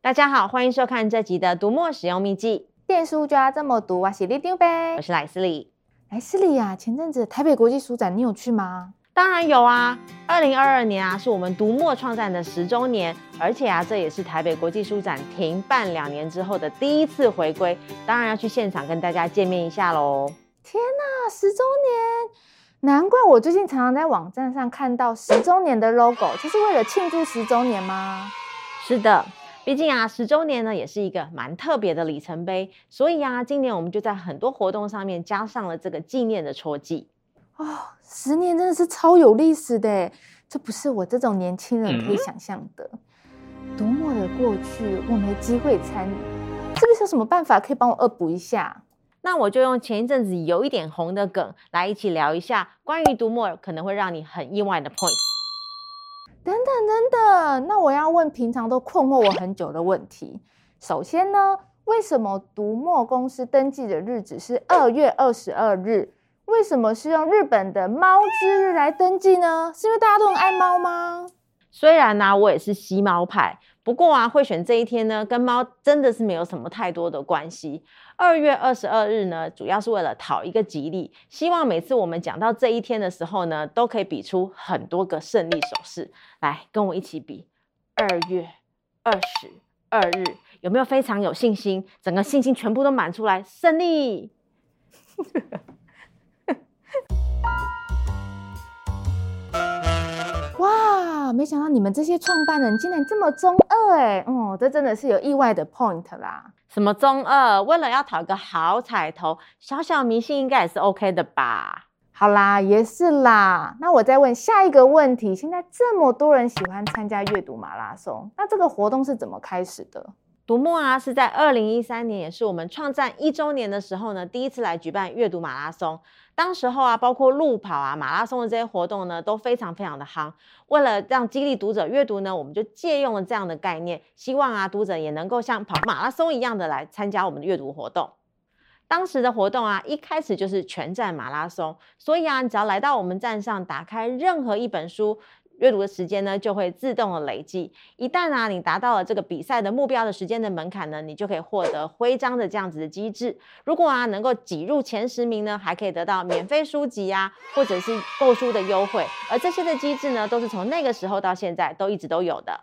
大家好，歡迎收看這集的《讀墨使用祕技》，電書就要這麼讀哇！喜利丟唄，我是萊斯里。萊斯里呀、啊，前陣子台北國際書展，你有去嗎？當然有啊。二零二二年啊，是我們讀墨創站的十週年，而且啊，這也是台北國際書展停辦兩年之後的第一次回歸，當然要去現場跟大家見面一下嘍。天哪、啊，十週年！難怪我最近常常在網站上看到十週年的 logo，這是為了慶祝十週年嗎？是的。畢竟啊，十週年呢，也是一個蠻特別的里程碑，所以啊，今年我們就在很多活動上面加上了這個紀念的戳記。哦，十年真的是超有歷史的耶，這不是我這種年輕人可以想象的。嗯、讀墨的過去，我沒機會參與，是不是有什麼辦法可以幫我惡、呃、補一下？那我就用前一陣子有一點紅的梗來一起聊一下關於讀墨可能會讓你很意外的 point。等等等等，那我要問平常都困惑我很久的問題。首先呢，為什麼讀墨公司登記的日子是二月二十二日？為什麼是用日本的貓之日來登記呢？是因為大家都很愛貓嗎？雖然呢、啊，我也是吸貓派。不過啊，會選這一天呢，跟貓真的是沒有什麼太多的關係。二月二十二日呢，主要是為了討一個吉利，希望每次我們講到這一天的時候呢，都可以比出很多個勝利手勢。來，跟我一起比，二月二十二日，有沒有非常有信心？整個信心全部都滿出來，勝利！ 沒想到你們這些創辦人竟然這麼中二哎、欸！哦、嗯，這真的是有意外的 point 啦。什麼中二？為了要討個好彩頭，小小迷信應該也是 OK 的吧？好啦，也是啦。那我再問下一個問題：現在這麼多人喜歡參加閱讀馬拉松，那這個活動是怎麼開始的？讀墨啊，是在二零一三年，也是我們創站一周年的時候呢，第一次來舉辦閱讀馬拉松。當時候啊，包括路跑啊、馬拉松的這些活動呢，都非常非常的夯。為了讓激勵讀者閱讀呢，我們就借用了這樣的概念，希望啊讀者也能夠像跑馬拉松一樣的來參加我們的閱讀活動。當時的活動啊，一開始就是全站馬拉松，所以啊，你只要來到我們站上，打開任何一本書。閱讀的時間呢，就會自動的累計。一旦啊，你達到了這個比賽的目標的時間的門檻呢，你就可以獲得徽章的這樣子的機製。如果啊，能夠擠入前十名呢，還可以得到免費書籍啊，或者是購書的優惠。而這些的機製呢，都是從那個時候到現在都一直都有的。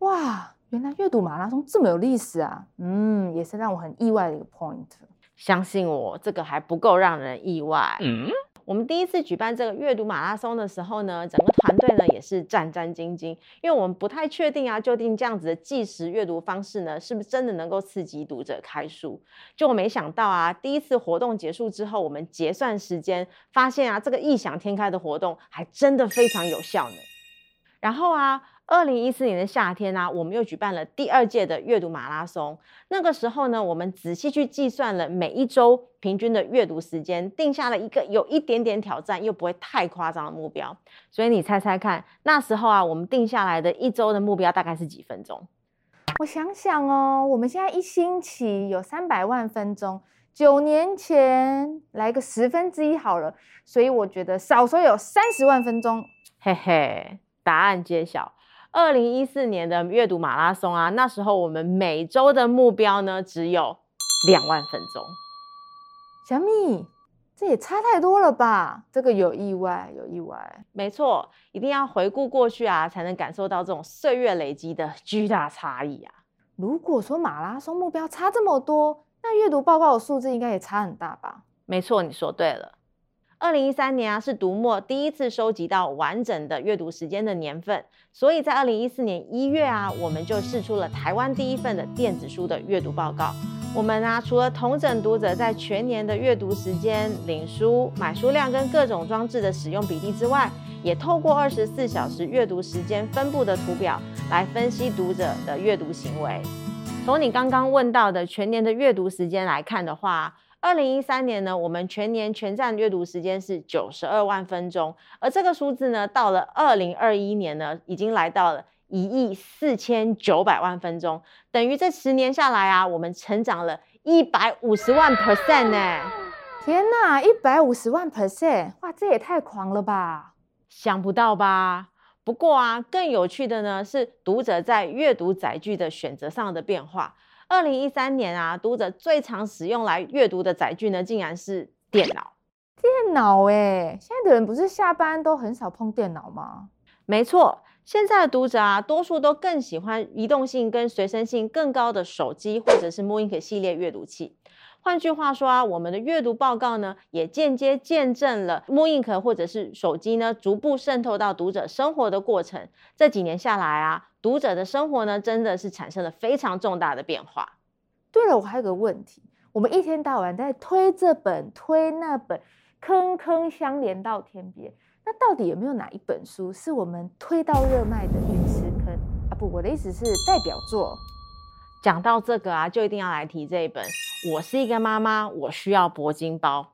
哇，原來閱讀馬拉松這麼有歷史啊！嗯，也是讓我很意外的一個 point。相信我，這個還不夠讓人意外。嗯。我們第一次舉辦這個閱讀馬拉松的時候呢，整個團隊呢也是戰戰兢兢，因為我們不太確定啊，究竟這樣子的計時閱讀方式呢，是不是真的能夠刺激讀者開書？結果沒想到啊，第一次活動結束之後，我們結算時間，發現啊，這個異想天開的活動還真的非常有效呢。然後啊。二零一四年的夏天呢、啊，我們又舉辦了第二屆的閱讀馬拉松。那個時候呢，我們仔細去計算了每一周平均的閱讀時間，定下了一個有一點點挑戰又不會太誇張的目標。所以你猜猜看，那時候啊，我們定下來的一周的目標大概是幾分鐘？我想想哦，我們現在一星期有三百萬分鐘，九年前來個十分之一好了，所以我覺得少說有三十萬分鐘。嘿嘿，答案揭曉。二零一四年的閱讀馬拉松啊，那時候我們每周的目標呢，只有兩萬分鐘。小米，這也差太多了吧？這個有意外，有意外。沒錯，一定要回顧過去啊，才能感受到這種歲月累積的巨大差異啊。如果說馬拉松目標差這麼多，那閱讀報告的數字應該也差很大吧？沒錯，你說對了。二零一三年啊，是讀墨第一次收集到完整的閱讀時間的年份，所以在二零一四年一月啊，我們就釋出了台灣第一份的電子書的閱讀報告。我們啊，除了統整讀者在全年的閱讀時間、領書、買書量跟各種裝置的使用比例之外，也透過二十四小時閱讀時間分布的圖表來分析讀者的閱讀行為。從你剛剛問到的全年的閱讀時間來看的話，二零一三年呢，我們全年全站閱讀時間是九十二萬分鐘，而這個數字呢，到了二零二一年呢，已經來到了一億四千九百萬分鐘，等於這十年下來啊，我們成長了一百五十萬 percent 呢，欸！天哪，一百五十萬 percent，哇，這也太狂了吧！想不到吧？不過啊，更有趣的呢是讀者在閱讀載具的選擇上的變化。二零一三年啊，讀者最常使用來閱讀的載具呢，竟然是電腦。電腦哎、欸，現在的人不是下班都很少碰電腦嗎？沒錯，現在的讀者啊，多數都更喜歡移動性跟隨身性更高的手機，或者是 mooInk 系列閱讀器。換句話說啊，我們的閱讀報告呢，也間接見證了 mooInk 或者是手機呢，逐步滲透到讀者生活的過程。這幾年下來啊。讀者的生活呢，真的是產生了非常重大的變化。對了，我還有個問題，我們一天到晚在推這本推那本，坑坑相連到天邊，那到底有沒有哪一本書是我們推到熱賣的隕石坑啊？不，我的意思是代表作。講到這個啊，就一定要來提這一本。我是一個媽媽，我需要柏金包。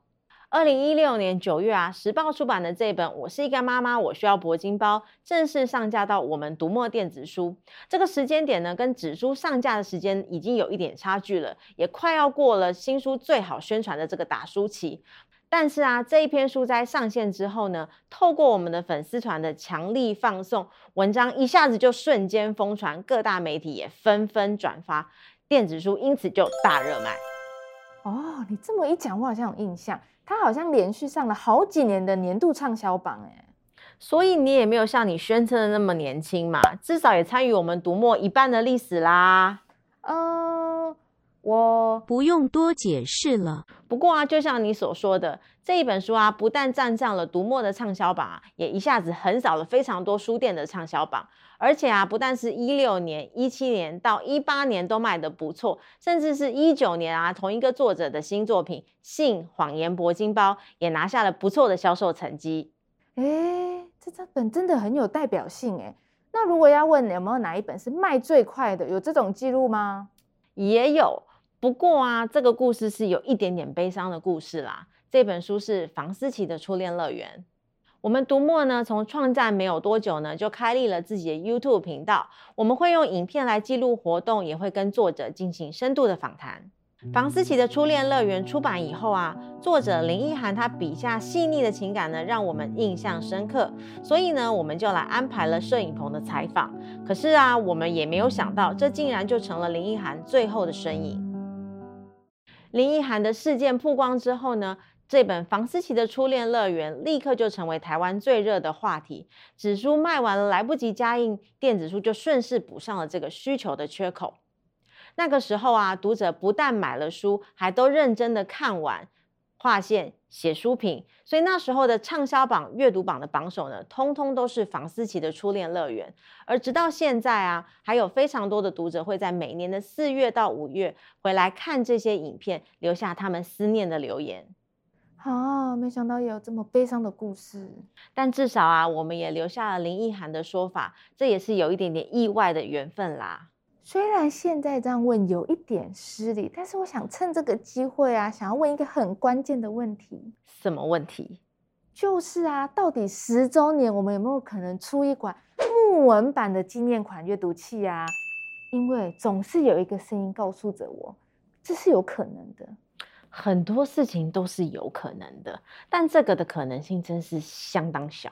二零一六年九月啊，時報出版的這一本《我是一個媽媽，我需要柏金包》正式上架到我們讀墨電子書。這個時間點呢，跟紙書上架的時間已經有一點差距了，也快要過了新書最好宣傳的這個打書期。但是啊，這一篇書摘上線之後呢，透過我們的粉絲團的強力放送，文章一下子就瞬間瘋傳，各大媒體也紛紛轉發，電子書因此就大熱賣。哦，你這麼一講，我好像有印象，他好像連續上了好幾年的年度暢銷榜哎、欸，所以你也沒有像你宣稱的那麼年輕嘛，至少也參與我們讀墨一半的歷史啦，嗯。我不用多解釋了。不過啊，就像你所說的，這一本書啊，不但站上了讀墨的暢銷榜啊，也一下子橫掃了非常多書店的暢銷榜。而且啊，不但是一六年、一七年到一八年都賣得不錯，甚至是一九年啊，同一個作者的新作品《性、謊言、柏金包》也拿下了不錯的銷售成績。哎，這這本真的很有代表性誒。那如果要問有沒有哪一本是賣最快的，有這種記錄嗎？也有。不過啊，這個故事是有一點點悲傷的故事啦。這本書是房思琪的初戀樂園。我們讀墨呢，從創站沒有多久呢，就開立了自己的 YouTube 頻道。我們會用影片來記錄活動，也會跟作者進行深度的訪談。房思琪的初戀樂園出版以後啊，作者林奕含他筆下細膩的情感呢，讓我們印象深刻。所以呢，我們就來安排了攝影棚的採訪。可是啊，我們也沒有想到，這竟然就成了林奕含最後的身影。林奕含的事件曝光之後呢，這本房思琪的初戀樂園立刻就成為台灣最熱的話題。紙書賣完了，來不及加印，電子書就順勢補上了這個需求的缺口。那個時候啊，讀者不但買了書，還都認真的看完，畫線寫書評，所以那時候的暢銷榜、閱讀榜的榜首呢，通通都是房思琪的初戀樂園。而直到現在啊，還有非常多的讀者會在每年的四月到五月回來看這些影片，留下他們思念的留言。哦、啊，沒想到也有這麼悲傷的故事。但至少啊，我們也留下了林奕含的說法，這也是有一點點意外的緣分啦。雖然現在這樣問有一點失禮，但是我想趁這個機會啊，想要問一個很關鍵的問題。什麼問題？就是啊，到底十週年我們有沒有可能出一款木紋版的紀念款閱讀器啊？因為總是有一個聲音告訴着我，這是有可能的。很多事情都是有可能的，但這個的可能性真是相當小。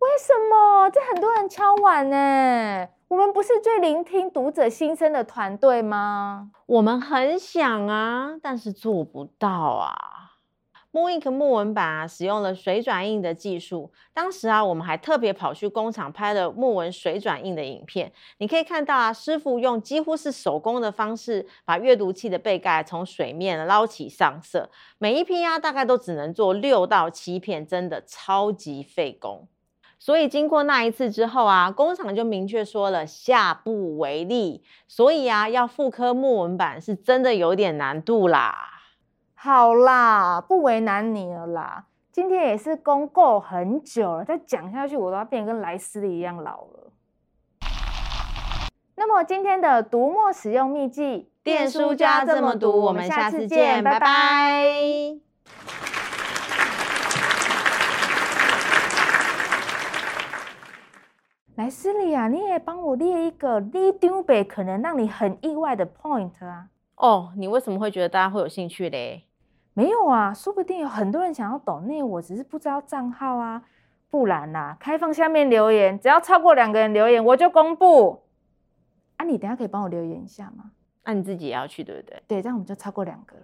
為什麼？這很多人敲碗呢、欸？我們不是最聆聽讀者心聲的團隊嗎？我們很想啊，但是做不到啊。mooInk 木紋版啊，使用了水轉印的技術。當時啊，我們還特別跑去工廠拍了木紋水轉印的影片。你可以看到啊，師傅用幾乎是手工的方式，把閱讀器的背蓋從水面撈起上色。每一批啊，大概都只能做六到七片，真的超級費工。所以經過那一次之後啊，工廠就明確說了下不為例。所以啊，要復刻木紋版是真的有點難度啦。好啦，不為難你了啦。今天也是公購很久了，再講下去我都要變成跟萊斯利一樣老了。那麼今天的讀墨使用祕技，電書就要這，這麼讀。我們下次見，拜拜。拜拜萊斯里啊，你也幫我列一個你丟北可能讓你很意外的 point 啊！哦，你為什麼會覺得大家會有興趣嘞？沒有啊，說不定有很多人想要抖內，我只是不知道賬號啊。不然啦、啊，開放下面留言，只要超過兩個人留言，我就公布。啊，你等下可以幫我留言一下嗎？那、啊、你自己也要去對不對？對，這樣我們就超過兩個了。